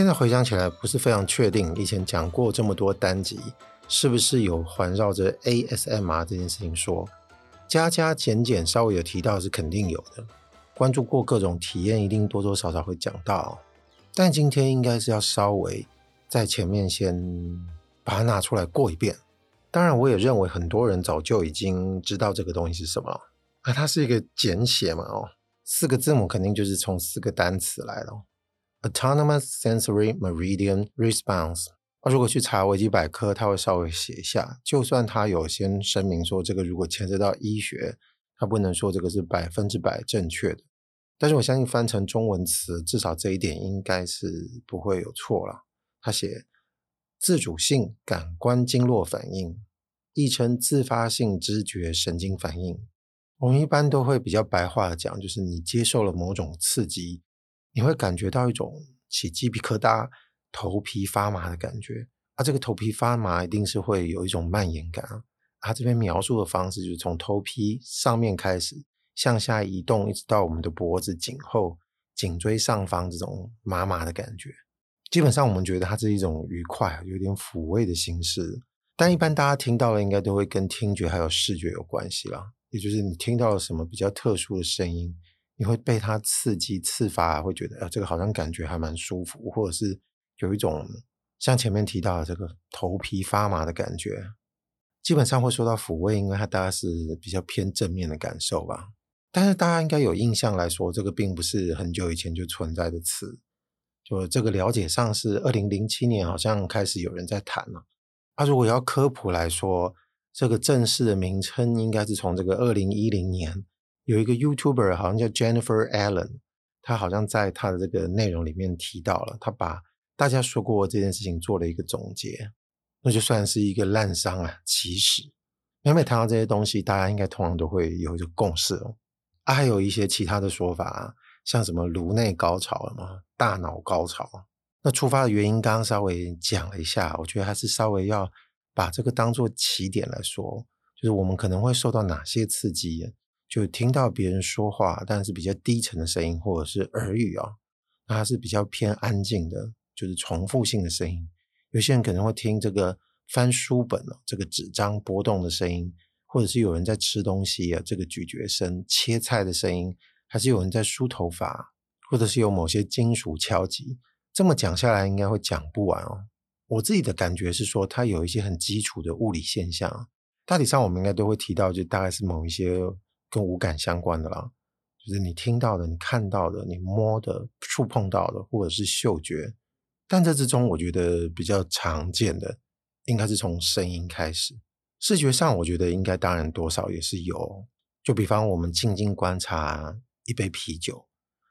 現在回想起來，不是非常確定以前講過這麼多單集，是不是有環繞着 ASMR 這件事情說加加減減稍微有提到是肯定有的，關注過各種體驗一定多多少少會講到，但今天應該是要稍微在前面先把它拿出來過一遍。當然，我也認為很多人早就已經知道這個東西是什麼，那它是一個簡寫嘛哦，四個字母肯定就是從四個單詞來了。Autonomous sensory meridian response。如果去查維基百科，他會稍微寫一下。就算他有先聲明說這個如果牽涉到醫學，他不能說這個是百分之百正確的。但是我相信翻成中文詞，至少這一點應該是不會有錯了。他寫自主性感官經絡反應，亦稱自發性知覺神經反應。我們一般都會比較白話講，就是你接受了某種刺激。你會感覺到一種起雞皮疙瘩、頭皮發麻的感覺。啊，這個頭皮發麻一定是會有一種蔓延感啊。他、啊、這邊描述的方式就是從頭皮上面開始向下移動，一直到我們的脖子、頸後、頸椎上方這種麻麻的感覺。基本上我們覺得它是一種愉快、有點撫慰的形式。但一般大家聽到的，應該都會跟聽覺還有視覺有關係啦，也就是你聽到了什麼比較特殊的聲音。你會被它刺激、刺發，會覺得啊，這個好像感覺還蠻舒服，或者是有一種像前面提到的這個頭皮發麻的感覺。基本上會說到撫慰，因為它大概是比較偏正面的感受吧。但是大家應該有印象來說，這個並不是很久以前就存在的詞。就這個了解上是二零零七年好像開始有人在談了。啊。啊，如果要科普來說，這個正式的名稱應該是從這個二零一零年，有一個 YouTuber 好像叫 Jennifer Allen，他好像在他的這個內容裡面提到了，他把大家說過這件事情做了一個總結，那就算是一個濫觴啊。其實每每談到這些東西，大家應該通常都會有一個共識哦。啊，還有一些其他的說法，像什麼顱內高潮了嗎？大腦高潮？那觸發的原因剛剛稍微講了一下，我覺得還是稍微要把這個當作起點來說，就是我們可能會受到哪些刺激。就聽到別人說話，但是比較低沉的聲音，或者是耳語哦，那它是比較偏安靜的，就是重複性的聲音。有些人可能會聽這個翻書本哦，這個紙張波動的聲音，或者是有人在吃東西啊，這個咀嚼聲、切菜的聲音，還是有人在梳頭髮，或者是有某些金屬敲擊。這麼講下來，應該會講不完哦。我自己的感覺是說，它有一些很基礎的物理現象，大體上我們應該都會提到，就大概是某一些。跟五感相關的啦，就是你聽到的、你看到的、你摸的、觸碰到的，或者是嗅覺。但這之中，我覺得比較常見的應該是從聲音開始。視覺上，我覺得應該當然多少也是有。就比方我們靜靜觀察一杯啤酒，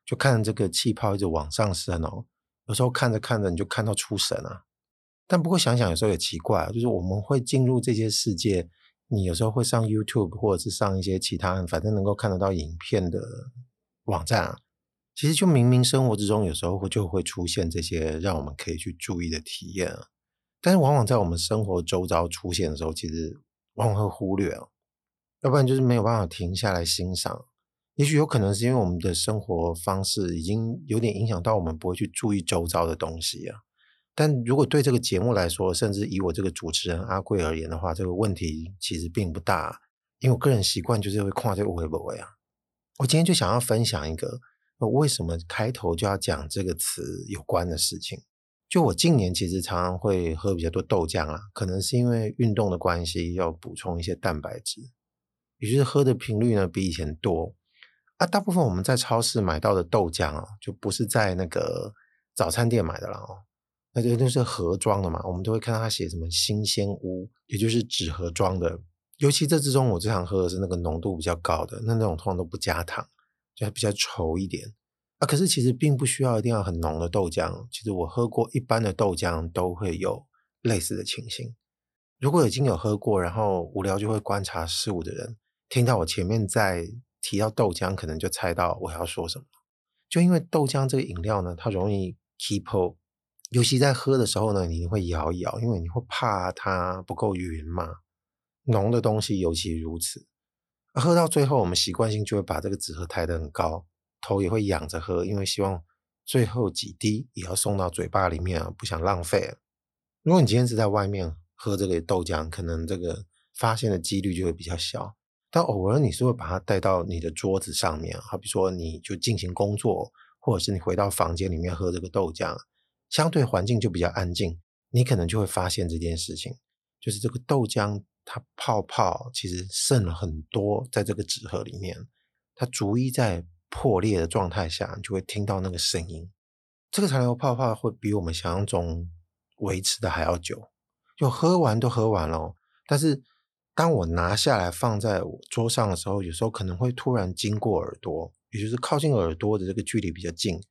就看這個氣泡一直往上升哦、喔。有時候看着看着，你就看到出神啊。但不過想想，有時候也奇怪，就是我們會進入這些世界。你有時候會上 YouTube，或者是上一些其他反正能夠看得到影片的網站啊。其實就明明生活之中有時候會就會出現這些讓我們可以去注意的體驗啊，但是往往在我們生活周遭出現的時候，其實往往會忽略啊。要不然就是沒有辦法停下來欣賞。也許有可能是因為我們的生活方式已經有點影響到我們不會去注意周遭的東西啊。但如果對這個節目來說，甚至以我這個主持人阿貴而言的話，這個問題其實並不大，因為我個人習慣就是會跨這個微博啊。我今天就想要分享一個，我為什麼開頭就要講這個詞有關的事情。就我近年其實常常會喝比較多豆漿啊，可能是因為運動的關係，要補充一些蛋白質，也就是喝的頻率呢比以前多啊。大部分我們在超市買到的豆漿啊，就不是在那個早餐店買的了哦。那就都是盒裝的嘛，我們都會看到它寫什麼“新鮮屋”，也就是紙盒裝的。尤其這之中，我最常喝的是那個濃度比較高的，那那種通常都不加糖，就還比較稠一點啊。可是其實並不需要一定要很濃的豆漿。其實我喝過一般的豆漿，都會有類似的情形。如果已經有喝過，然後無聊就會觀察事物的人，聽到我前面在提到豆漿，可能就猜到我還要說什麼。就因為豆漿這個飲料呢，它容易 keep。尤其在喝的時候呢，你會搖一搖，因為你會怕它不夠勻嘛。濃的東西尤其如此。喝到最後，我們習慣性就會把這個紙盒抬得很高，頭也會仰着喝，因為希望最後幾滴也要送到嘴巴裡面啊，不想浪費。如果你今天是在外面喝這個豆漿，可能這個發現的幾率就會比較小。但偶爾你是會把它帶到你的桌子上面，好比說，你就進行工作，或者是你回到房間裡面喝這個豆漿。相對環境就比較安靜，你可能就會發現這件事情，就是這個豆漿它泡泡其實剩了很多在這個紙盒裡面，它逐一在破裂的狀態下，你就會聽到那個聲音。這個殘留泡泡會比我們想象中維持的還要久，就喝完都喝完咯。但是當我拿下來放在桌上的時候，有時候可能會突然經過耳朵，也就是靠近耳朵的這個距離比較近。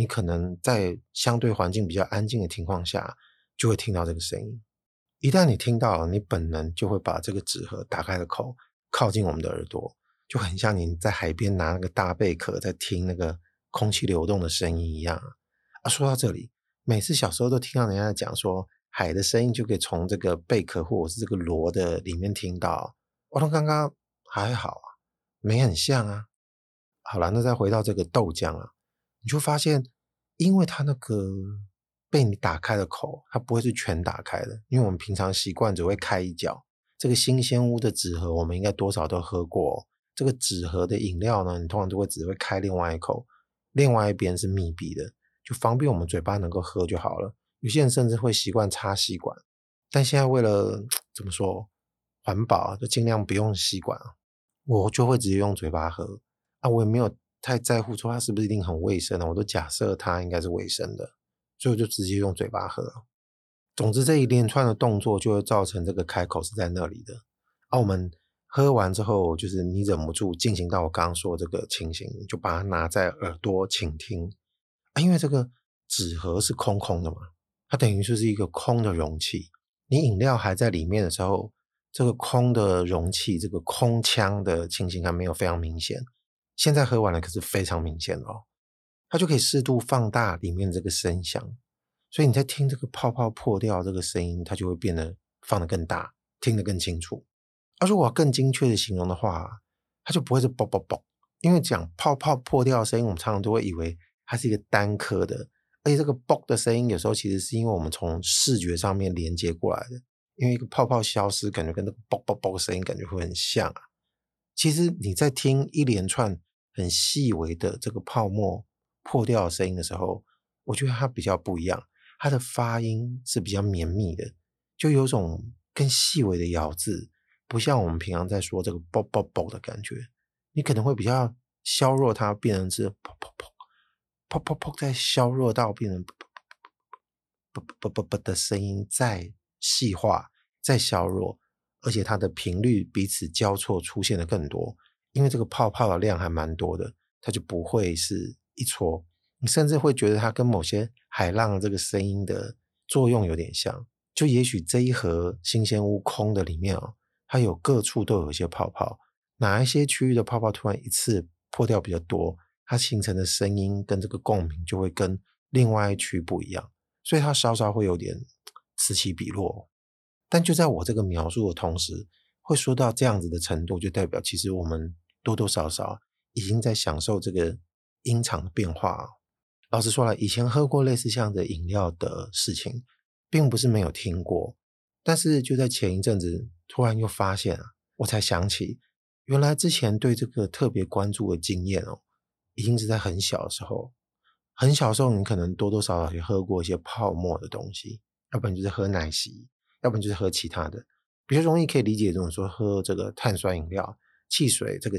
你可能在相對環境比較安靜的情況下，就會聽到這個聲音。一旦你聽到了，你本能就會把這個紙盒打開的口靠近我們的耳朵，就很像你在海邊拿那個大貝殼在聽那個空氣流動的聲音一樣啊。說到這裡，每次小時候都聽到人家講說海的聲音就可以從這個貝殼或者是這個螺的裡面聽到。我、哦、說剛剛還好啊，沒很像啊。好了，那再回到這個豆漿啊。你就發現，因為它那個被你打開的口，它不會是全打開的，因為我們平常習慣只會開一角。這個新鮮屋的紙盒，我們應該多少都喝過哦。這個紙盒的飲料呢，你通常都會只會開另外一口，另外一邊是密閉的，就方便我們嘴巴能夠喝就好了。有些人甚至會習慣插吸管，但現在為了怎麼說環保啊，就盡量不用吸管啊，我就會直接用嘴巴喝。啊，我也沒有。太在乎說它是不是一定很衛生了。啊，我都假設它應該是衛生的，所以我就直接用嘴巴喝。總之這一連串的動作就會造成這個開口是在那裡的。啊，我們喝完之後，就是你忍不住進行到我剛剛說這個情形，就把它拿在耳朵傾聽。啊，因為這個紙盒是空空的嘛，它等於就是一個空的容器。你飲料還在裡面的時候，這個空的容器，這個空腔的情形還沒有非常明顯。現在喝完了，可是非常明顯哦，它就可以適度放大裡面的這個聲響，所以你在聽這個泡泡破掉這個聲音，它就會變得放得更大，聽得更清楚。而如果要更精確的形容的話，它就不會是啵啵啵，因為講泡泡破掉的聲音，我們常常都會以為它是一個單顆的，而且這個啵的聲音有時候其實是因為我們從視覺上面連接過來的，因為一個泡泡消失，感覺跟那個啵啵啵的聲音感覺會很像啊。其實你在聽一連串。很細微的這個泡沫破掉聲音的時候，我覺得它比較不一樣。它的發音是比較綿密的，就有種更細微的咬字，不像我們平常在說這個“啵啵啵”的感覺。你可能會比較削弱它，變成是“啵啵啵啵啵啵”，再削弱到變成“啵啵啵啵啵啵”的聲音，再細化，再削弱，而且它的頻率彼此交錯出現的更多。因為這個泡泡的量還蠻多的，它就不會是一撮，你甚至會覺得它跟某些海浪的這個聲音的作用有點像。就也許這一盒新鮮屋空的裡面哦，它有各處都有一些泡泡，哪一些區域的泡泡突然一次破掉比較多，它形成的聲音跟這個共鳴就會跟另外一區不一樣，所以它稍稍會有點此起彼落。但就在我這個描述的同時，會說到這樣子的程度，就代表其實我們多多少少已經在享受這個音場的變化。老實說了，以前喝過類似這樣的飲料的事情，並不是沒有聽過。但是就在前一陣子，突然又發現啊，我才想起，原來之前對這個特別關注的經驗哦，已經是在很小的時候。很小的時候，你可能多多少少也喝過一些泡沫的東西，要不然就是喝奶昔，要不然就是喝其他的。比較容易可以理解，這種說喝這個碳酸飲料、汽水這個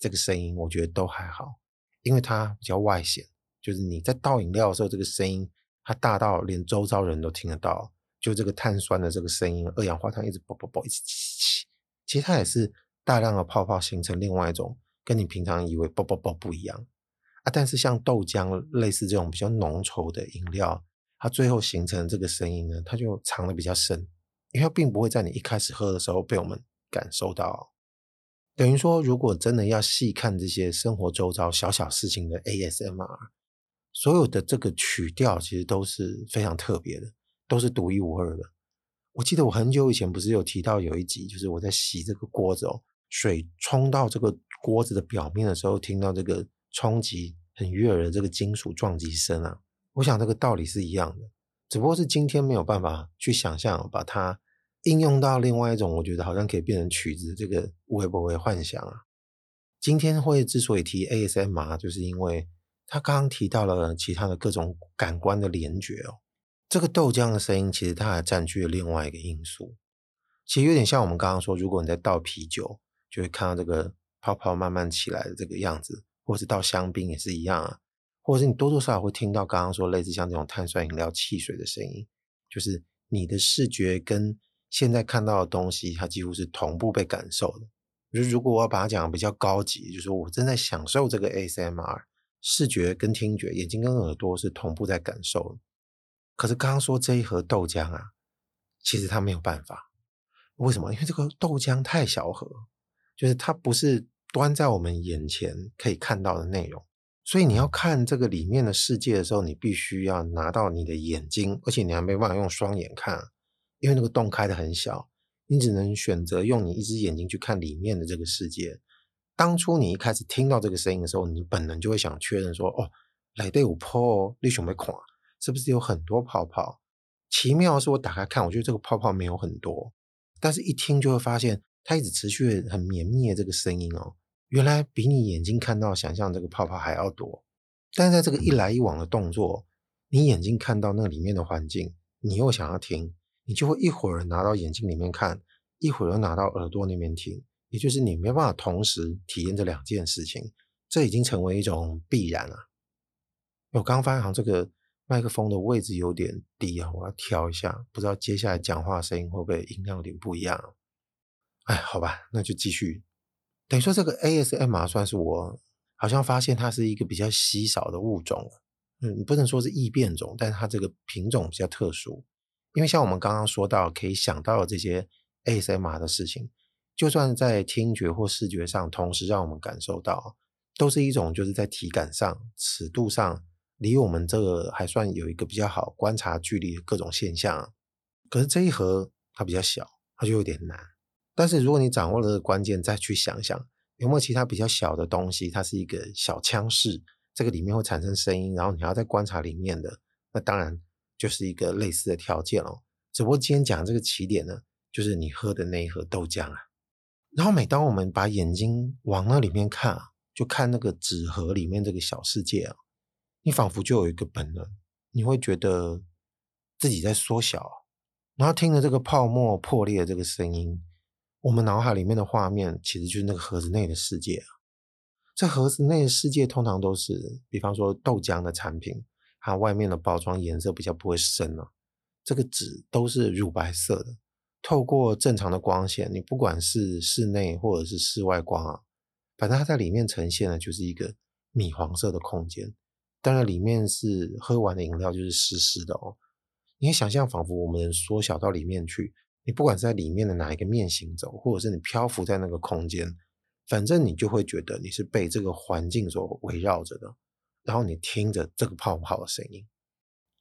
這個聲音，我覺得都還好，因為它比較外顯。就是你在倒飲料的時候，這個聲音它大到連周遭人都聽得到。就這個碳酸的這個聲音，二氧化碳一直爆爆爆，一直起起。其實它也是大量的泡泡形成。另外一種跟你平常以為啵啵啵不一樣啊。但是像豆漿類似這種比較濃稠的飲料，它最後形成這個聲音呢，它就藏得比較深。因為它並不會在你一開始喝的時候被我們感受到哦，等於說，如果真的要細看這些生活周遭小小事情的 ASMR，所有的這個曲調其實都是非常特別的，都是獨一無二的。我記得我很久以前不是有提到有一集，就是我在洗這個鍋子哦，水沖到這個鍋子的表面的時候，聽到這個衝擊很悅耳的這個金屬撞擊聲啊，我想這個道理是一樣的。只不過是今天沒有辦法去想象，把它應用到另外一種，我覺得好像可以變成曲子，這個我會不會幻想啊？今天會之所以提 ASMR，就是因為他剛剛提到了其他的各種感官的聯覺哦。這個豆漿的聲音其實它還佔據了另外一個因素，其實有點像我們剛剛說，如果你在倒啤酒，就會看到這個泡泡慢慢起來的這個樣子，或者倒香檳也是一樣啊。或者是你多多少少會聽到剛剛說類似像這種碳酸飲料、汽水的聲音，就是你的視覺跟現在看到的東西，它幾乎是同步被感受的。就如果我要把它講比較高級，就是說我正在享受這個 ASMR，視覺跟聽覺，眼睛跟耳朵是同步在感受的。可是剛剛說這一盒豆漿啊，其實它沒有辦法，為什麼？因為這個豆漿太小盒，就是它不是端在我們眼前可以看到的內容。所以你要看這個裡面的世界的時候，你必須要拿到你的眼睛，而且你還沒辦法用雙眼看，因為那個洞開得很小，你只能選擇用你一隻眼睛去看裡面的這個世界。當初你一開始聽到這個聲音的時候，你本能就會想確認說：哦，雷對，我破哦，立熊沒垮，是不是有很多泡泡？奇妙的是，我打開看，我覺得這個泡泡沒有很多，但是一聽就會發現它一直持續很綿密的這個聲音哦。原來比你眼睛看到、想象這個泡泡還要多，但是在這個一來一往的動作，你眼睛看到那裡面的環境，你又想要聽，你就會一會兒拿到眼睛裡面看，一會兒又拿到耳朵那邊聽，也就是你沒有辦法同時體驗這兩件事情，這已經成為一種必然了啊。我剛發現，好像這個麥克風的位置有點低啊，我要調一下，不知道接下來講話聲音會不會音量有點不一樣啊。哎，好吧，那就繼續。等於說這個 ASMR 算是我好像發現它是一個比較稀少的物種。嗯，不能說是異變種，但是它這個品種比較特殊。因為像我們剛剛說到可以想到的這些 ASMR 的事情，就算在聽覺或視覺上同時讓我們感受到，都是一種就是在體感上、尺度上離我們這個還算有一個比較好觀察距離的各種現象。可是這一盒它比較小，它就有點難。但是如果你掌握了這個關鍵，再去想想有沒有其他比較小的東西，它是一個小腔室，這個裡面會產生聲音，然後你還要再觀察裡面的，那當然就是一個類似的條件哦。只不過今天講這個起點呢，就是你喝的那一盒豆漿啊。然後每當我們把眼睛往那裡面看啊，就看那個紙盒裡面這個小世界啊，你仿佛就有一個本能，你會覺得自己在縮小，然後聽着這個泡沫破裂的這個聲音。我們腦海裡面的畫面其實就是那個盒子內的世界啊。這盒子內的世界通常都是，比方說豆漿的產品，它外面的包裝顏色比較不會深啊，這個紙都是乳白色的。透過正常的光線，你不管是室內或者是室外光啊，反正它在裡面呈現的就是一個米黃色的空間。當然，裡面是喝完的飲料，就是濕濕的哦。你想象，仿佛我們縮小到裡面去。你不管是在裡面的哪一個面行走，或者是你漂浮在那個空間，反正你就會覺得你是被這個環境所圍繞着的。然後你聽着這個泡泡的聲音，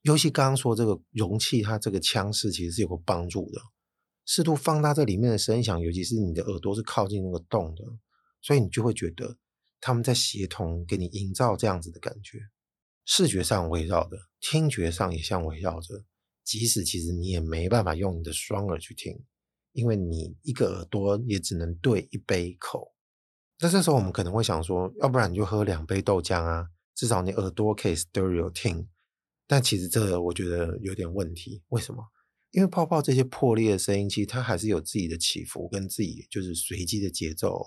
尤其剛剛說這個容器它這個腔室其實是有個幫助的，適度放大這裡面的聲響，尤其是你的耳朵是靠近那個洞的，所以你就會覺得他們在協同給你營造這樣子的感覺，視覺上圍繞着，聽覺上也像圍繞着。即使其實你也沒辦法用你的雙耳去聽，因為你一個耳朵也只能對一杯口。那這時候我們可能會想說，要不然你就喝兩杯豆漿啊，至少你耳朵可以 stereo 聽。但其實這個我覺得有點問題，為什麼？因為泡泡這些破裂的聲音，其實它還是有自己的起伏跟自己就是隨機的節奏，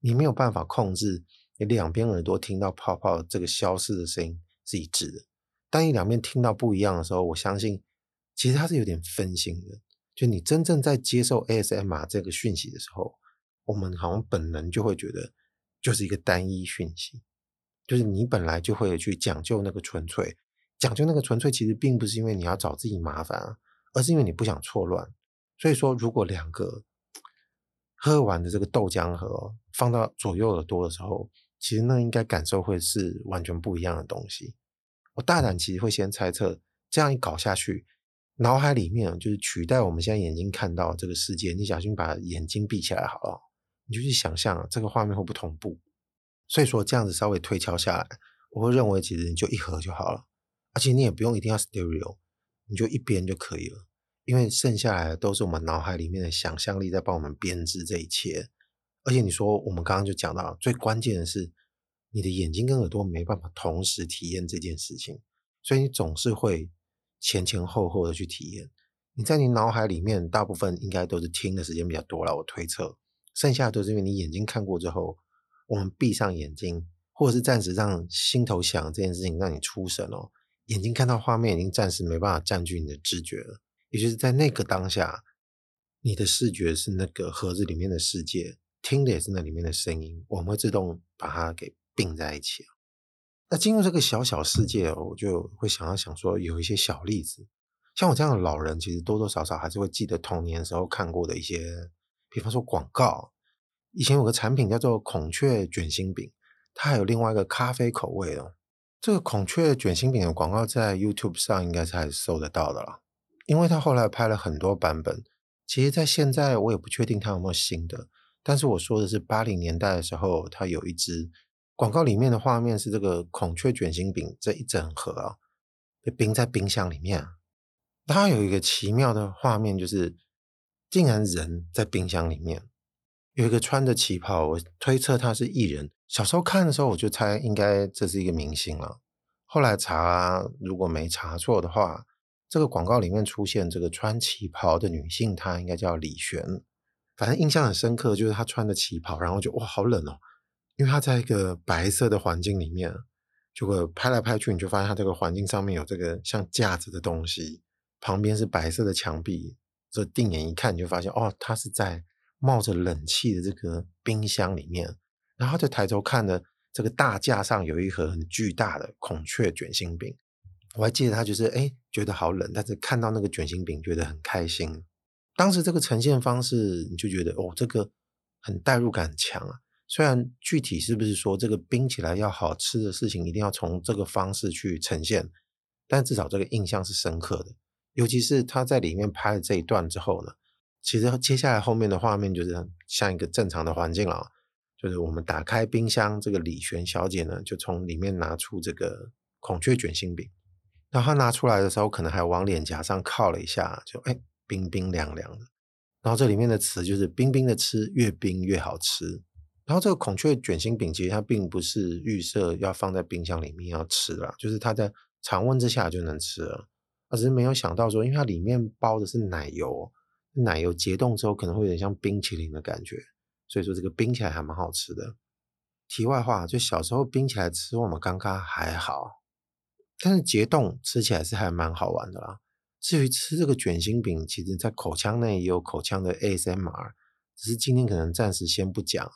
你沒有辦法控制你兩邊耳朵聽到泡泡這個消失的聲音是一致的。當你兩邊聽到不一樣的時候，我相信。其實它是有點分心的，就你真正在接受 ASMR 這個訊息的時候，我們好像本能就會覺得就是一個單一訊息，就是你本來就會去講究那個純粹，講究那個純粹，其實並不是因為你要找自己麻煩啊，而是因為你不想錯亂。所以說，如果兩個喝完的這個豆漿盒放到左右耳朵的時候，其實那應該感受會是完全不一樣的東西。我大膽其實會先猜測，這樣一搞下去。腦海裡面就是取代我們現在眼睛看到這個世界，你小心把眼睛閉起來好了，你就去想象這個畫面會不同步，所以說這樣子稍微推敲下來，我會認為其實你就一盒就好了，而且你也不用一定要 stereo，你就一邊就可以了，因為剩下來的都是我們腦海裡面的想象力在幫我們編織這一切，而且你說我們剛剛就講到，最關鍵的是你的眼睛跟耳朵沒辦法同時體驗這件事情，所以你總是會。前前後後的去體驗，你在你腦海裡面大部分應該都是聽的時間比較多了，我推測，剩下的都是因為你眼睛看過之後，我們閉上眼睛，或者是暫時讓心頭想這件事情，讓你出神哦。眼睛看到畫面已經暫時沒辦法佔據你的知覺了，也就是在那個當下，你的視覺是那個盒子裡面的世界，聽的也是那裡面的聲音，我們會自動把它給並在一起。那進入這個小小世界，我就會想要想說，有一些小例子，像我這樣的老人，其實多多少少還是會記得童年時候看過的一些，比方說廣告。以前有個產品叫做孔雀捲心餅，它還有另外一個咖啡口味哦。這個孔雀捲心餅的廣告在 YouTube 上應該是還是搜得到的了，因為它後來拍了很多版本。其實，在現在我也不確定它有沒有新的，但是我說的是八零年代的時候，它有一支。廣告裡面的畫面是這個孔雀捲心餅這一整盒啊，被冰在冰箱裡面。它有一個奇妙的畫面，就是竟然人在冰箱裡面有一個穿着旗袍，我推測他是藝人。小時候看的時候，我就猜應該這是一個明星了。後來查啊，如果沒查錯的話，這個廣告裡面出現這個穿旗袍的女性，她應該叫李璇。反正印象很深刻，就是她穿着旗袍，然後就哇，好冷哦。因為它在一個白色的環境裡面，結果拍來拍去，你就發現它這個環境上面有這個像架子的東西，旁邊是白色的牆壁，這定眼一看，你就發現哦，它是在冒着冷氣的這個冰箱裡面。然後就抬頭看的這個大架上有一盒很巨大的孔雀捲心餅，我還記得他就是哎，覺得好冷，但是看到那個捲心餅，覺得很開心。當時這個呈現方式，你就覺得哦，這個很代入感很強啊。雖然具體是不是說這個冰起來要好吃的事情一定要從這個方式去呈現，但至少這個印象是深刻的。尤其是他在裡面拍了這一段之後呢，其實接下來後面的畫面就是像一個正常的環境了，哦，就是我們打開冰箱，這個李璇小姐呢就從裡面拿出這個孔雀捲心餅，然後他拿出來的時候可能還往臉頰上靠了一下，就，哎，冰冰涼涼的。然後這裡面的詞就是冰冰的吃，越冰越好吃。然後這個孔雀捲心餅其實它並不是預設要放在冰箱裡面要吃的，就是它在常溫之下就能吃了。我只是沒有想到說，因為它裡面包的是奶油，奶油結凍之後可能會有點像冰淇淋的感覺，所以說這個冰起來還蠻好吃的。題外話，就小時候冰起來吃我們剛剛還好，但是結凍吃起來是還蠻好玩的啦。至於吃這個捲心餅，其實，在口腔內也有口腔的 ASMR，只是今天可能暫時先不講。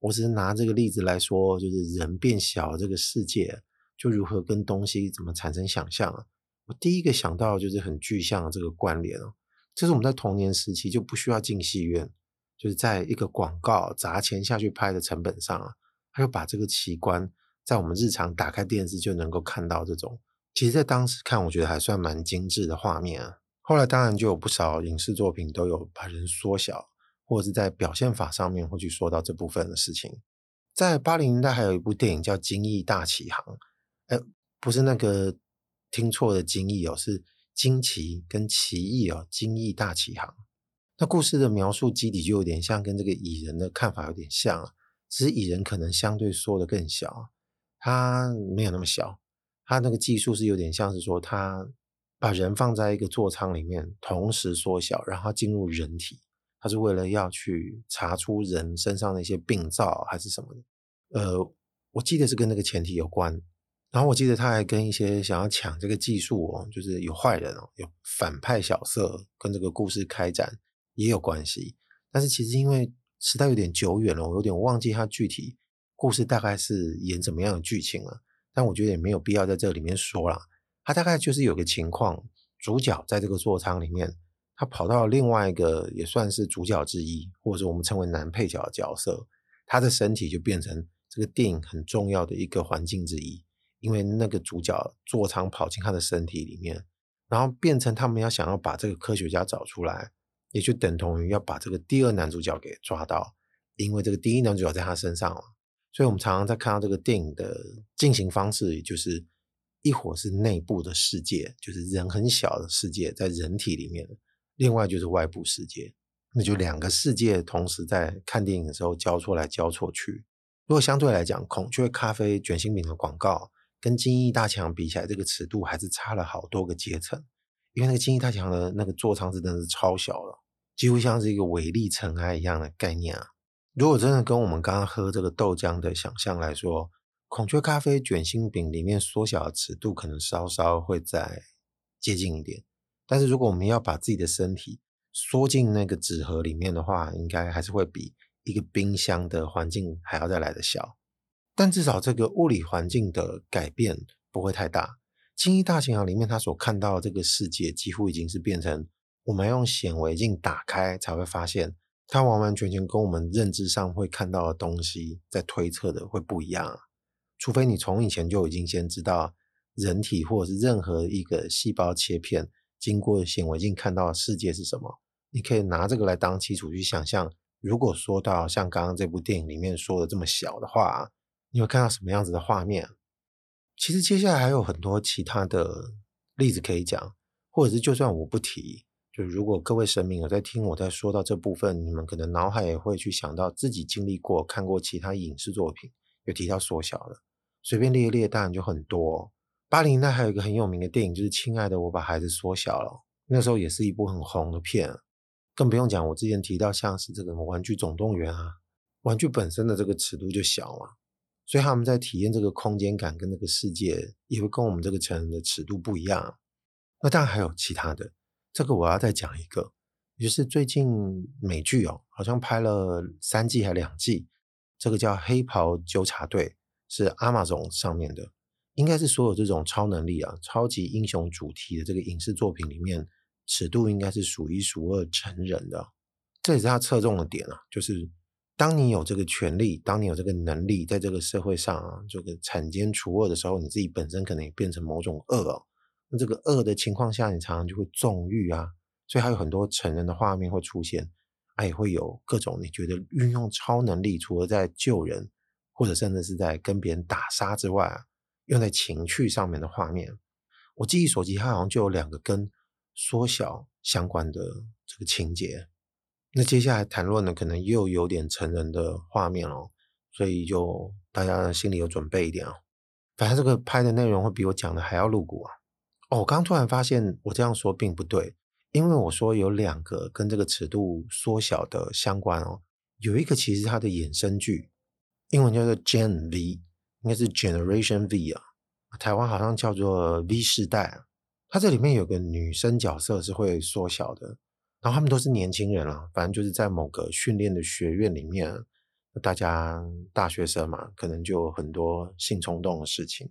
我只是拿這個例子來說，就是人變小，這個世界就如何跟東西怎麼產生想象啊？我第一個想到就是很具象的這個關聯哦，就是我們在童年時期就不需要進戲院，就是在一個廣告砸錢下去拍的成本上啊，他就把這個奇觀在我們日常打開電視就能夠看到這種，其實在當時看我覺得還算蠻精緻的畫面啊。後來當然就有不少影視作品都有把人縮小。或者是在表現法上面，會去說到這部分的事情。在八零年代，還有一部電影叫《驚異大奇航》，欸，不是那個聽錯的“驚異”哦，是“驚奇”跟“奇異”哦，《驚異大奇航》。那故事的描述基底就有點像跟這個蟻人的看法有點像，只是蟻人可能相對說的更小，他沒有那麼小，他那個技術是有點像是說他把人放在一個座艙裡面，同時縮小，然後進入人體。他是為了要去查出人身上的一些病灶還是什麼的，呃，我記得是跟那個前提有關，然後我記得他還跟一些想要搶這個技術哦，就是有壞人哦，有反派角色跟這個故事開展也有關係，但是其實因為時代有點久遠了，我有點忘記他具體故事大概是演怎麼樣的劇情了，但我覺得也沒有必要在這裡面說了，他大概就是有個情況，主角在這個座艙裡面。他跑到另外一個也算是主角之一，或者是我們稱為男配角的角色，他的身體就變成這個電影很重要的一個環境之一。因為那個主角坐艙跑進他的身體裡面，然後變成他們要想要把這個科學家找出來，也就等同於要把這個第二男主角給抓到，因為這個第一男主角在他身上了。所以我們常常在看到這個電影的進行方式，也就是一夥是內部的世界，就是人很小的世界，在人體裡面。另外就是外部世界，那就兩個世界同時在看電影的時候交錯來交錯去。如果相對來講，孔雀咖啡捲心餅的廣告跟驚異大奇航比起來，這個尺度還是差了好多個階層。因為那個驚異大奇航的那個座艙真的是超小了，幾乎像是一個微粒塵埃一樣的概念啊。如果真的跟我們剛剛喝這個豆漿的想象來說，孔雀咖啡捲心餅裡面縮小的尺度可能稍稍會再接近一點。但是，如果我們要把自己的身體縮進那個紙盒裡面的話，應該還是會比一個冰箱的環境還要再來的小。但至少這個物理環境的改變不會太大。《驚異大奇航》裡面他所看到的這個世界，幾乎已經是變成我們用顯微鏡打開才會發現，它完完全全跟我們認知上會看到的東西在推測的會不一樣。除非你從以前就已經先知道人體或者是任何一個細胞切片。經過顯微鏡看到的世界是什麼？你可以拿這個來當基礎去想象。如果說到像剛剛這部電影裡面說的這麼小的話，你會看到什麼樣子的畫面？其實接下來還有很多其他的例子可以講，或者是就算我不提，就是如果各位神明有在聽我在說到這部分，你們可能腦海也會去想到自己經歷過看過其他影視作品有提到縮小的，隨便列列，當然就很多。八零年代還有一個很有名的電影，就是《親愛的，我把孩子縮小了》。那時候也是一部很紅的片，更不用講我之前提到像是這個《玩具總動員》啊，玩具本身的這個尺度就小嘛，所以他們在體驗這個空間感跟這個世界，也會跟我們這個成人的尺度不一樣啊。那當然還有其他的，這個我要再講一個，就是最近美劇哦，好像拍了三季還兩季，這個叫《黑袍糾察隊》，是 Amazon 上面的。應該是所有這種超能力啊、超級英雄主題的這個影視作品裡面，尺度應該是數一數二成人的，這也是他側重的點啊。就是當你有這個權力，當你有這個能力，在這個社會上啊，這個鏟奸除惡的時候，你自己本身可能也變成某種惡哦。那這個惡的情況下，你常常就會縱慾啊，所以還有很多成人的畫面會出現，啊，也會有各種你覺得運用超能力，除了在救人，或者甚至是在跟別人打殺之外啊。用在情趣上面的畫面，我記憶所及，它好像就有兩個跟縮小相關的這個情節。那接下來談論的可能又有點成人的畫面哦、喔，所以就大家心裡有準備一點哦、喔。反正這個拍的內容會比我講的還要露骨啊。哦，我剛突然發現我這樣說並不對，因為我說有兩個跟這個尺度縮小的相關哦、喔，有一個其實它的衍生劇，英文叫做《Gen V》。應該是 Generation V 啊，台灣好像叫做 V 世代啊。它這裡面有個女生角色是會縮小的，然後他們都是年輕人啊，反正就是在某個訓練的學院裡面，大家大學生嘛，可能就很多性衝動的事情。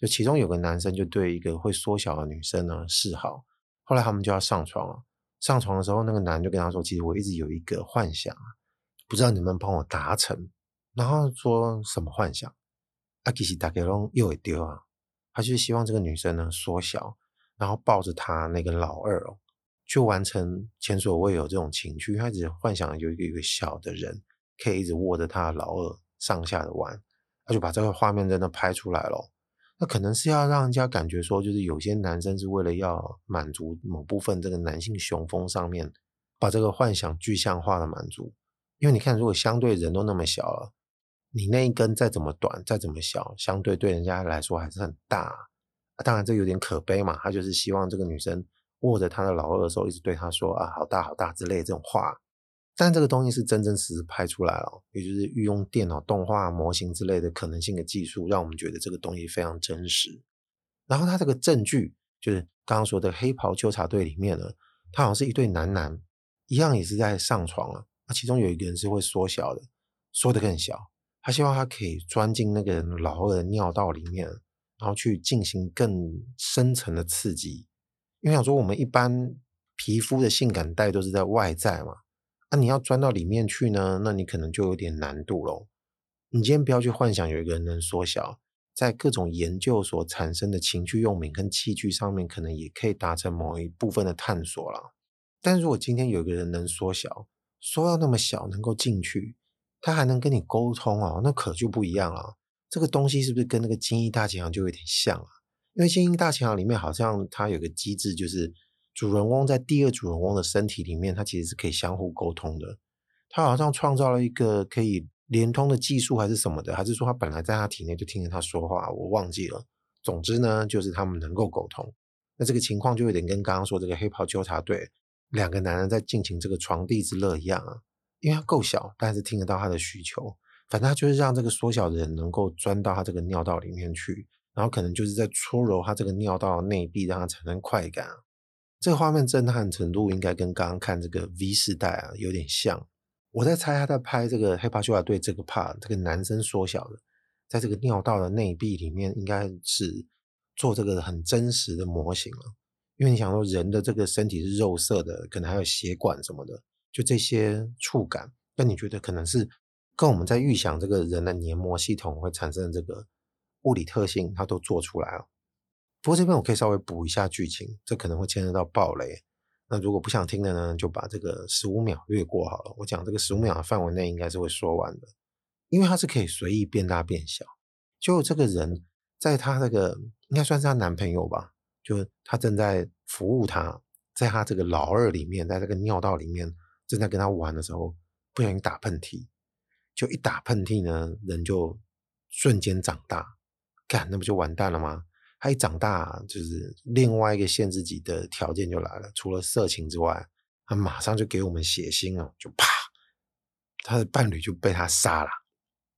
就其中有個男生就對一個會縮小的女生呢示好，後來他們就要上床了。上床的時候，那個男人就跟她說：“其實我一直有一個幻想，不知道能不能幫我達成。”然後說什麼幻想？他、啊、其實打開籠又會丟啊！他就是希望這個女生呢縮小，然後抱着他那個老二哦，去完成前所未有這種情趣。他只幻想，有一個一個小的人，可以一直握着他的老二上下的玩。他就把這個畫面在那拍出來了，哦。那可能是要讓人家感覺說，就是有些男生是為了要滿足某部分這個男性雄風上面，把這個幻想具象化的滿足。因為你看，如果相對人都那麼小了。你那一根再怎麼短，再怎麼小，相對對人家來說還是很大啊。啊，當然這有點可悲嘛。他就是希望這個女生握着他的老二的時候，一直對他說啊，好大好大之類的這種話。但這個東西是真真實實拍出來了，也就是運用電腦動畫模型之類的可能性的技術，讓我們覺得這個東西非常真實。然後他這個證據就是剛剛說的黑袍糾察隊裡面呢，他好像是一對男男，一樣也是在上床啊。那其中有一個人是會縮小的，縮得更小。他希望他可以鑽進那個人老二的尿道裡面，然後去進行更深層的刺激，因為想說我們一般皮膚的性感帶都是在外在嘛，那、啊、你要鑽到裡面去呢，那你可能就有點難度咯。你今天不要去幻想，有一個人能縮小，在各種研究所產生的情趣用品跟器具上面，可能也可以達成某一部分的探索了。但如果今天有一個人能縮小，縮到那麼小，能夠進去。他還能跟你溝通哦、啊，那可就不一樣了、啊。這個東西是不是跟那個《驚異大奇航》就有點像啊？因為《驚異大奇航》裡面好像他有個機制，就是主人翁在第二主人翁的身體裡面，他其實是可以相互溝通的。他好像創造了一個可以連通的技術，還是什麼的？還是說他本來在他體內就聽見他說話？我忘記了。總之呢，就是他們能夠溝通。那這個情況就有點跟剛剛說這個黑袍糾察隊兩個男人在進行這個床笫之樂一樣啊。因為他夠小，但是聽得到他的需求。反正他就是讓這個縮小的人能夠鑽到他這個尿道裡面去，然後可能就是在搓揉他這個尿道的內壁，讓他產生快感、啊。這個畫面震撼程度應該跟剛剛看這個 V 世代啊有點像。我在猜他在拍這個《黑袍糾察隊》啊，對這個怕這個男生縮小的，在這個尿道的內壁裡面，應該是做這個很真實的模型了、啊。因為你想說人的這個身體是肉色的，可能還有血管什麼的。就這些觸感，那你覺得可能是跟我們在預想這個人的黏膜系統會產生這個物理特性，它都做出來了。不過這邊我可以稍微補一下劇情，這可能會牽扯到暴雷。那如果不想聽的呢，就把這個十五秒越過好了。我講這個十五秒的範圍內應該是會說完的，因為它是可以隨意變大變小。就這個人在他那、這個應該算是他男朋友吧，就是他正在服務他，在他這個老二裡面，在這個尿道裡面，正在跟他玩的時候，不小心打噴嚏，就一打噴嚏呢，人就瞬間長大，幹，那不就完蛋了嗎？他一長大，就是另外一個限制級的條件就來了，除了色情之外，他馬上就給我們血腥了，就啪，他的伴侶就被他殺了，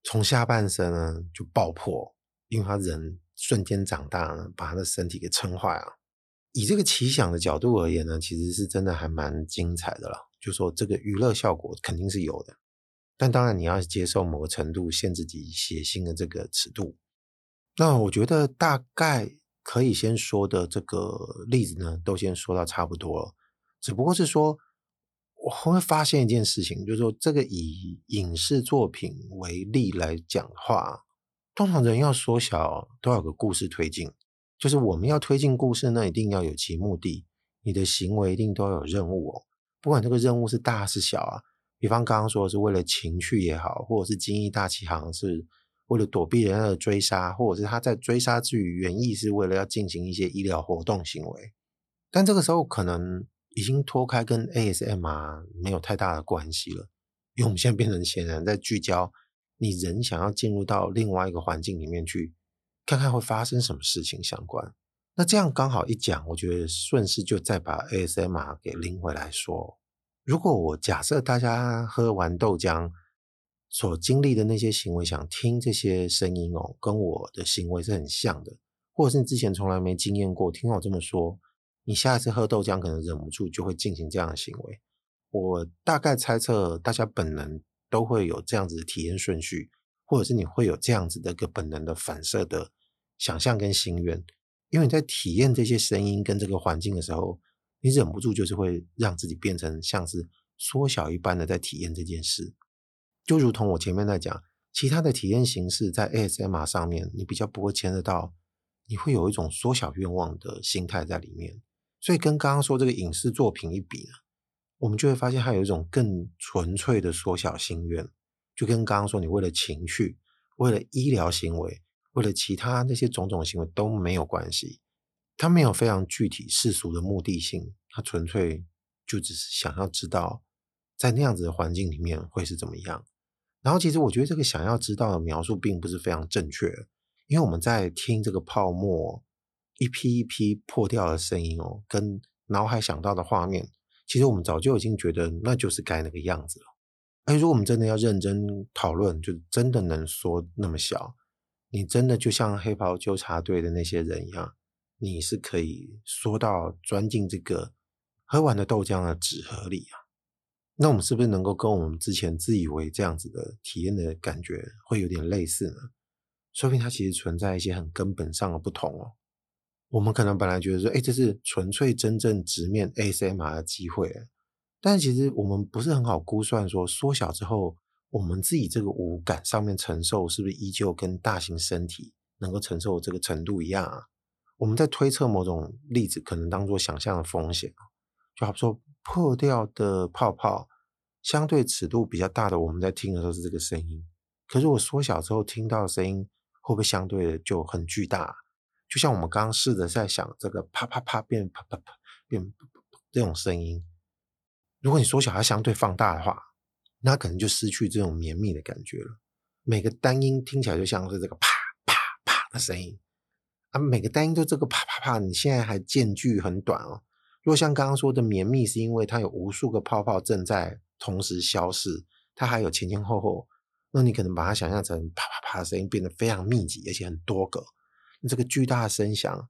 從下半身呢就爆破，因為他人瞬間長大了，把他的身體給撐壞了。以這個奇想的角度而言呢，其實是真的還蠻精彩的啦。就是說這個娛樂效果肯定是有的，但當然你要接受某個程度限制自己寫信的這個尺度。那我覺得大概可以先說的這個例子呢，都先說到差不多了。只不過是說我會發現一件事情，就是說這個以影視作品為例來講的話，通常人要縮小多少個故事推進。就是我們要推進故事，那一定要有其目的。你的行為一定都要有任務哦，不管這個任務是大是小啊。比方剛剛說的是為了情趣也好，或者是驚異大奇航是為了躲避人家的追殺，或者是他在追殺之餘原意是為了要進行一些醫療活動行為。但這個時候可能已經脫開跟 ASMR 沒有太大的關係了，因為我們現在變成顯然在聚焦你人想要進入到另外一個環境裡面去。看看會發生什麼事情相關，那這樣剛好一講，我覺得順勢就再把 ASM r 給拎回來說。如果我假設大家喝完豆漿所經歷的那些行為，想聽這些聲音哦，跟我的行為是很像的，或者是你之前從來沒經驗過，聽我這麼說，你下一次喝豆漿可能忍不住就會進行這樣的行為。我大概猜測大家本能都會有這樣子的體驗順序。或者是你會有這樣子的一個本能的反射的想象跟心願，因為你在體驗這些聲音跟這個環境的時候，你忍不住就是會讓自己變成像是縮小一般的在體驗這件事，就如同我前面在講，其他的體驗形式在 ASMR 上面，你比較不會牽扯到，你會有一種縮小願望的心態在裡面，所以跟剛剛說這個影視作品一比呢，我們就會發現它有一種更純粹的縮小心願。就跟剛剛說，你為了情緒、為了醫療行為、為了其他那些種種行為都沒有關係，他沒有非常具體世俗的目的性，他純粹就只是想要知道，在那樣子的環境裡面會是怎麼樣。然後，其實我覺得這個想要知道的描述並不是非常正確，因為我們在聽這個泡沫一批一批破掉的聲音哦，跟腦海想到的畫面，其實我們早就已經覺得那就是該那個樣子了。哎，如果我們真的要認真討論，就真的能縮那麼小？你真的就像黑袍糾察隊的那些人一樣，你是可以縮到鑽進這個喝完的豆漿的紙盒裡啊？那我們是不是能夠跟我們之前自以為這樣子的體驗的感覺會有點類似呢？說不定它其實存在一些很根本上的不同哦。我們可能本來覺得說，哎，這是純粹真正直面 ASMR 的機會。但是其實我們不是很好估算說，說縮小之後我們自己這個五感上面承受是不是依舊跟大型身體能夠承受這個程度一樣啊？我們在推測某種例子可能當做想象的風險，就好比說破掉的泡泡，相對尺度比較大的，我們在聽的時候是這個聲音。可是我縮小之後聽到的聲音，會不會相對的就很巨大？就像我們剛剛試着在想這個啪啪啪變啪啪啪變，啪啪變啪啪這種聲音。如果你縮小它相對放大的話，那可能就失去這種綿密的感覺了。每個單音聽起來就像是這個啪啪啪的聲音啊，每個單音都這個啪啪啪。你現在還間距很短哦。如果像剛剛說的綿密，是因為它有無數個泡泡正在同時消逝，它還有前前後後，那你可能把它想象成啪啪啪啪的聲音變得非常密集，而且很多個。這個巨大的聲響，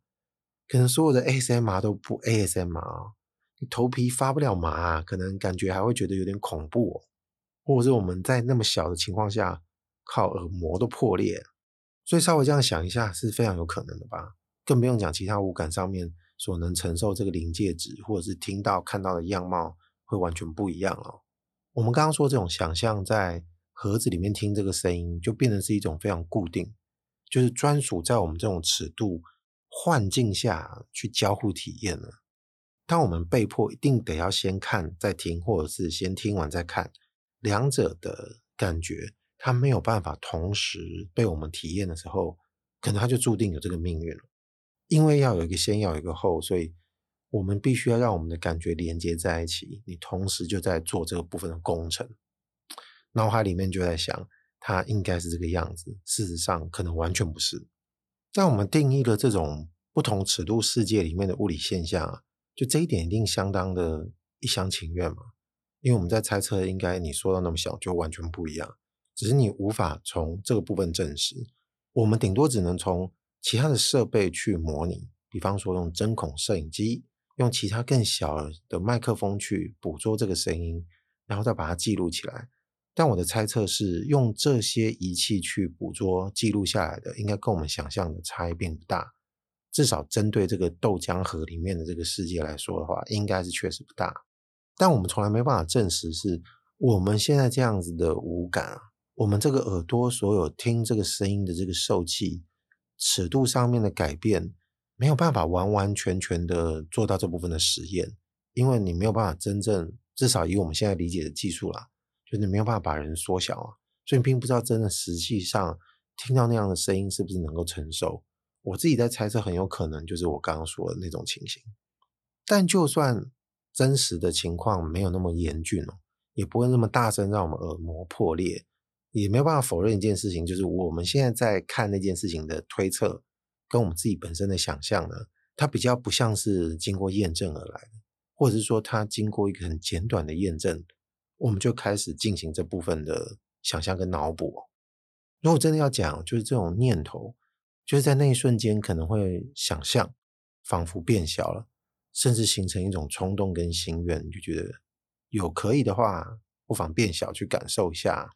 可能所有的 ASMR 都不 ASMR 哦。頭皮發不了麻，可能感覺還會覺得有點恐怖哦，或者我們在那麼小的情況下，靠耳膜都破裂，所以稍微這樣想一下是非常有可能的吧。更不用講其他五感上面所能承受這個臨界值，或者是聽到看到的樣貌會完全不一樣哦，我們剛剛說這種想象在盒子裡面聽這個聲音，就變成是一種非常固定，就是專屬在我們這種尺度幻境下去交互體驗了。當我們被迫一定得要先看再聽，或者是先聽完再看，兩者的感覺，它沒有辦法同時被我們體驗的時候，可能它就注定有這個命運了。因為要有一個先，要有一個後，所以我們必須要讓我們的感覺連接在一起。你同時就在做這個部分的工程，腦海裡面就在想，它應該是這個樣子。事實上，可能完全不是。在我們定義了這種不同尺度世界裡面的物理現象啊。就這一點一定相當的一廂情願嘛？因為我們在猜測，應該你說到那麼小就完全不一樣，只是你無法從這個部分證實。我們頂多只能從其他的設備去模擬，比方說用針孔攝影機，用其他更小的麥克風去捕捉這個聲音，然後再把它記錄起來。但我的猜測是，用這些儀器去捕捉記錄下來的，應該跟我們想象的差異並不大。至少針對這個豆漿盒裡面的這個世界來說的話，應該是確實不大。但我們從來沒辦法證實，是我們現在這樣子的五感啊，我們這個耳朵所有聽這個聲音的這個受器尺度上面的改變，沒有辦法完完全全的做到這部分的實驗，因為你沒有辦法真正，至少以我們現在理解的技術啦，就是你沒有辦法把人縮小啊，所以並不知道真的實際上聽到那樣的聲音是不是能夠承受。我自己在猜測，很有可能就是我剛剛說的那種情形。但就算真實的情況沒有那麼嚴峻哦，也不會那麼大聲，讓我們耳膜破裂。也沒有辦法否認一件事情，就是我們現在在看那件事情的推測，跟我們自己本身的想象呢，它比較不像是經過驗證而來的，或者是說它經過一個很簡短的驗證，我們就開始進行這部分的想象跟腦補。如果真的要講，就是這種念頭。就是在那一瞬間，可能會想象，仿佛變小了，甚至形成一種衝動跟心願，你就覺得有可以的話，不妨變小去感受一下。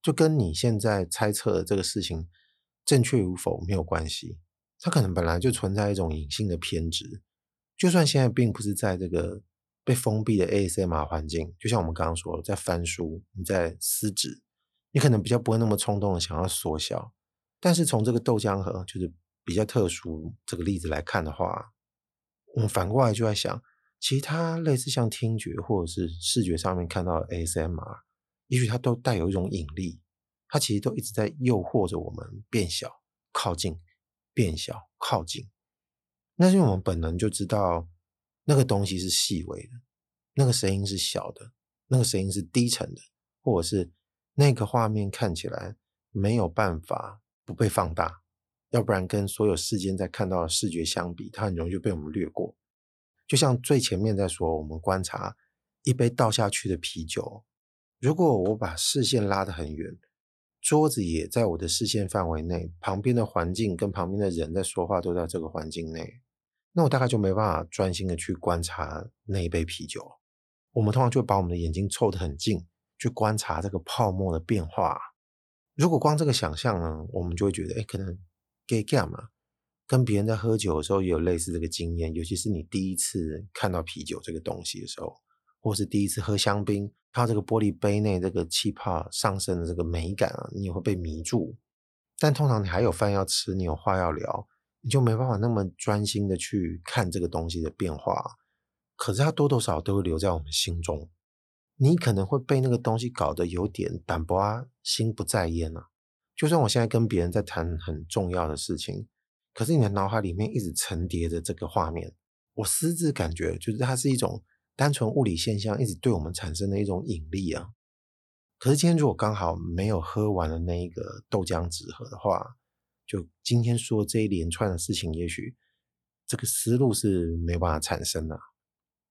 就跟你現在猜測的這個事情正確與否沒有關係，它可能本來就存在一種隱性的偏執。就算現在並不是在這個被封閉的 ASMR 環境，就像我們剛剛說的，在翻書，你在撕紙，你可能比較不會那麼衝動的想要縮小。但是從這個豆漿盒，就是比較特殊這個例子來看的話，我們反過來就在想，其他類似像聽覺或者是視覺上面看到的 ASMR，也許它都帶有一種引力，它其實都一直在誘惑着我們變小靠近，變小靠近。那是因為我們本能就知道那個東西是細微的，那個聲音是小的，那個聲音是低沉的，或者是那個畫面看起來沒有辦法。不被放大，要不然跟所有世間在看到的視覺相比，它很容易就被我們略過。就像最前面在說，我們觀察一杯倒下去的啤酒，如果我把視線拉得很遠，桌子也在我的視線範圍內，旁邊的環境跟旁邊的人在說話都在這個環境內，那我大概就沒辦法專心的去觀察那一杯啤酒。我們通常就會把我們的眼睛湊得很近，去觀察這個泡沫的變化。如果光這個想象呢，我們就會覺得，哎，可能 gay g a m 啊，跟別人在喝酒的時候也有類似這個經驗，尤其是你第一次看到啤酒這個東西的時候，或是第一次喝香檳，它這個玻璃杯內這個氣泡上升的這個美感啊，你也會被迷住。但通常你還有飯要吃，你有話要聊，你就沒辦法那麼專心的去看這個東西的變化。可是它多多少少都會留在我們心中，你可能會被那個東西搞得有點膽薄啊。心不在焉啊！就算我現在跟別人在談很重要的事情，可是你的腦海裡面一直重疊着這個畫面。我私自感覺，就是它是一種單純物理現象，一直對我們產生的一種引力啊。可是今天如果剛好沒有喝完的那一個豆漿紙盒的話，就今天說這一連串的事情，也許這個思路是沒辦法產生的啊。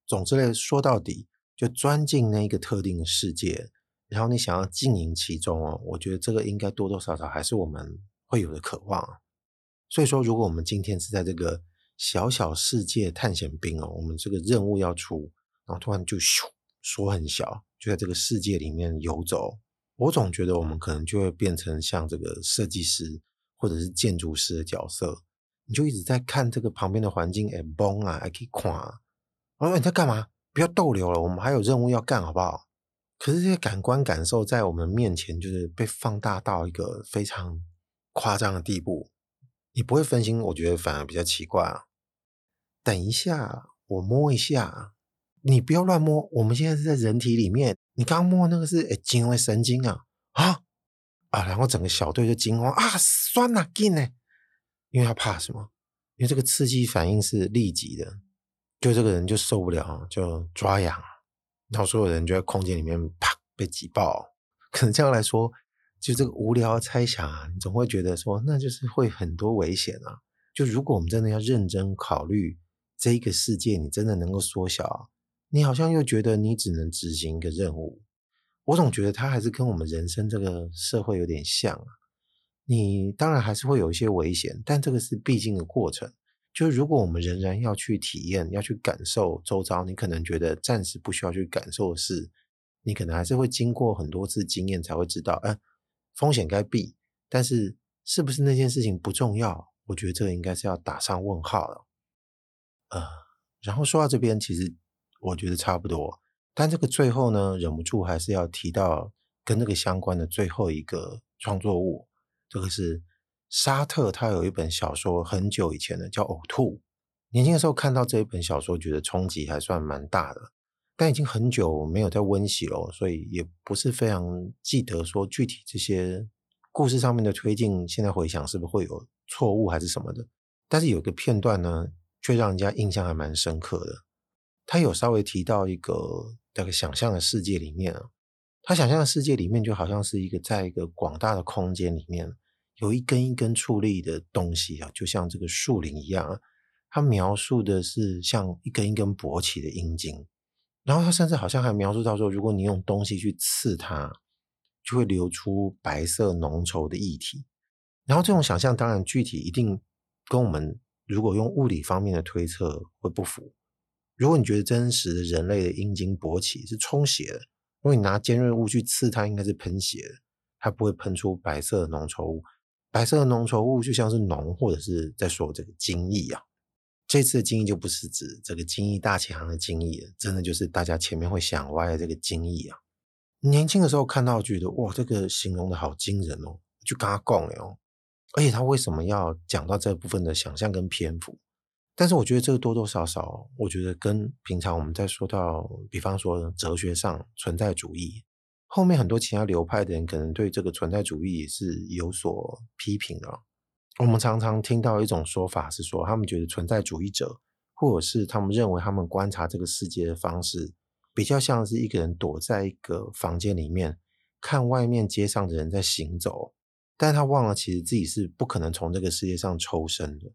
總之呢，說到底，就鑽進那一個特定的世界。然後你想要經營其中哦，我覺得這個應該多多少少還是我們會有的渴望、啊。所以說，如果我們今天是在這個小小世界探險兵哦，我們這個任務要出，然後突然就咻，縮很小，就在這個世界裡面遊走，我總覺得我們可能就會變成像這個設計師或者是建築師的角色，你就一直在看這個旁邊的環境，哎，嘣啊，哎，可以垮啊。哦，你在幹嘛？不要逗留了，我們還有任務要幹，好不好？可是，這些感官感受在我們面前就是被放大到一個非常誇張的地步，你不會分心，我覺得反而比較奇怪啊。等一下，我摸一下，你不要亂摸。我們現在是在人體裡面，你剛摸那個是哎，筋，因為神經啊啊啊，啊！然後整個小隊就驚慌啊，酸啊，勁呢，因為他怕什麼？因為這個刺激反應是立即的，就這個人就受不了，了，就抓癢。然後所有人就在空間裡面啪被擠爆，可能這樣來說，就這個無聊猜想啊，你總會覺得說，那就是會很多危險啊。就如果我們真的要認真考慮這一個世界，你真的能夠縮小，你好像又覺得你只能執行一個任務。我總覺得它還是跟我們人生這個社會有點像啊。你當然還是會有一些危險，但這個是必經的過程。就是如果我們仍然要去體驗、要去感受周遭，你可能覺得暫時不需要去感受的事，你可能還是會經過很多次經驗才會知道，哎、呃，風險該避，但是是不是那件事情不重要？我覺得這個應該是要打上問號了。呃，然後說到這邊，其實我覺得差不多。但這個最後呢，忍不住還是要提到跟那個相關的最後一個創作物，這個是。沙特他有一本小說，很久以前的叫《嘔吐》。年輕的時候看到這一本小說，覺得衝擊還算蠻大的，但已經很久沒有在溫習了，所以也不是非常記得說具體這些故事上面的推進。現在回想，是不是會有錯誤還是什麼的？但是有一個片段呢，卻讓人家印象還蠻深刻的。他有稍微提到一個大概、這個、想象的世界裡面啊，他想象的世界裡面就好像是一個在一個廣大的空間裡面。有一根一根矗立的東西啊，就像這個樹林一樣啊，它描述的是像一根一根勃起的陰莖，然後它甚至好像還描述到說，如果你用東西去刺它，就會流出白色濃稠的液體。然後這種想象當然具體一定跟我們如果用物理方面的推測會不符。如果你覺得真實人類的陰莖勃起是充血的，如果你拿尖銳物去刺它，應該是噴血，它不會噴出白色的濃稠物。白色的濃稠物就像是膿，或者是在說這個精液啊。這次的精液就不是指這個驚異大奇航的驚異了，真的就是大家前面會想歪的這個精液啊。年輕的時候看到覺得哇，這個形容的好驚人哦，就跟他講了哦。而且他為什麼要講到這部分的想象跟篇幅？但是我覺得這個多多少少，我覺得跟平常我們在說到，比方說哲學上存在主義。後面很多其他流派的人可能對這個存在主義也是有所批評啊，我們常常聽到一種說法是說，他們覺得存在主義者，或者是他們認為他們觀察這個世界的方式，比較像是一個人躲在一個房間裡面看外面街上的人在行走，但是他忘了其實自己是不可能從這個世界上抽身的。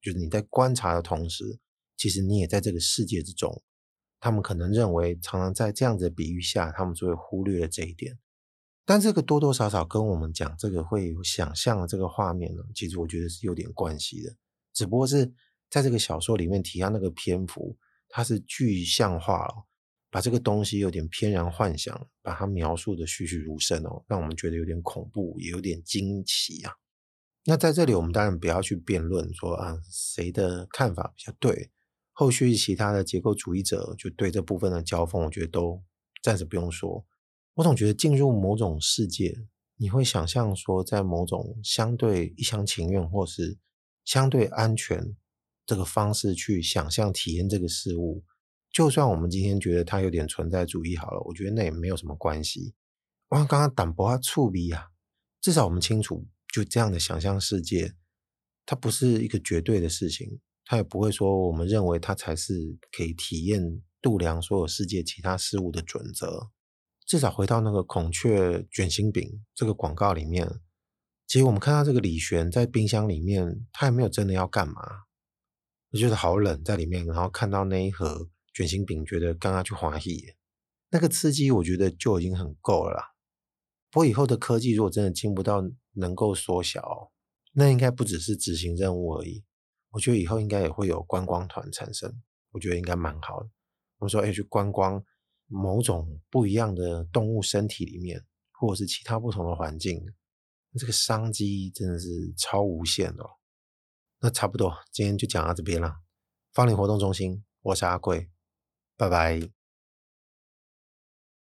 就是你在觀察的同時，其實你也在這個世界之中。他們可能認為，常常在這樣子的比喻下，他們就會忽略了這一點。但這個多多少少跟我們講這個會有想象的這個畫面呢？其實我覺得是有點關係的，只不過是在這個小說裡面提到那個篇幅，它是具象化了，把這個東西有點偏然幻想，把它描述得栩栩如生哦，讓我們覺得有點恐怖，也有點驚奇啊。那在這裡，我們當然不要去辯論說啊，誰的看法比較對。後續其他的結構主義者就對這部分的交鋒，我覺得都暫時不用說。我總覺得進入某種世界，你會想象說，在某種相對一廂情願或是相對安全這個方式去想象體驗這個事物。就算我們今天覺得它有點存在主義好了，我覺得那也沒有什麼關係。我剛剛講柏拉圖逼啊，至少我們清楚，就這樣的想象世界，它不是一個絕對的事情。他也不會說，我們認為他才是可以體驗度量所有世界其他事物的準則。至少回到那個孔雀捲心餅這個廣告裡面，其實我們看到這個李玄在冰箱裡面，他也沒有真的要幹嘛。我覺得好冷在裡面，然後看到那一盒捲心餅，覺得剛剛去滑一下，那個刺激我覺得就已經很夠了。不過以後的科技如果真的進步到能夠縮小，那應該不只是執行任務而已。我覺得以後應該也會有觀光團產生，我覺得應該蠻好的。我們說，誒，去觀光某種不一樣的動物身體裡面，或者是其他不同的環境，這個商機真的是超無限哦！那差不多，今天就講到這邊了。方領活動中心，我是阿貴，拜拜。